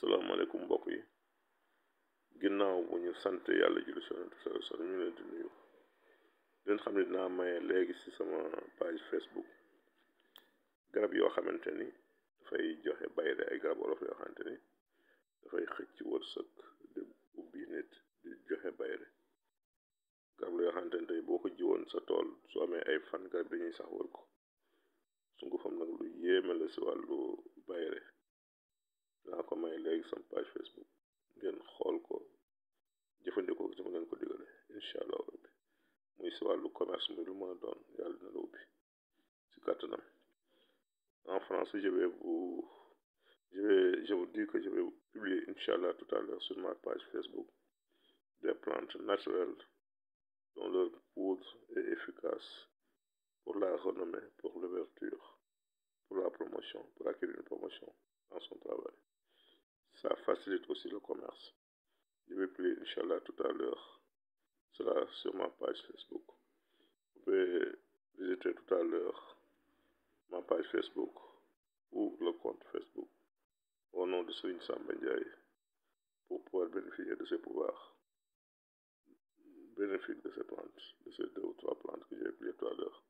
salaamaaleykum mbokk yi ginnaaw bu ñu sant yàlla julli si yonent bi sal ñu leen di nuyu leen xam ne dinaa maye léegi ci sama page Facebook garab yoo xamante ni dafay joxe bayre ay garab olof yoo xamante ni dafay xëcc wërsëg di ubbi nit di joxe bayre garab la yoo xamante ni tey boo ko jiwoon sa tool su amee ay fan garab dañuy sax wër ko sungufam nag lu yéeme la si wàllu bayre danaa ko may léegi son page Facebook ngeen xool ko jëfandikoo ko si ma ko digale incha allah rabbi muy si wàllu commerce muy lu mën a doon yàlla dina la ubbi si kàttanam en France je vais vous je vais je vous dis que je vais publier incha allah tout à l'heure sur ma page Facebook des plantes naturelles dont leur poudre est efficace pour la renommée, pour l'ouverture, pour la promotion, pour acquérir une promotion dans son travail. Ça facilite aussi le commerce. Je vais publier, Inch'Allah, tout à l'heure. Cela sur ma page Facebook. Vous pouvez visiter tout à l'heure ma page Facebook ou le compte Facebook au nom de Swin Sambendjaye pour pouvoir bénéficier de ses pouvoirs. Bénéfique de ces plantes, de ces deux ou trois plantes que j'ai publiées tout à l'heure.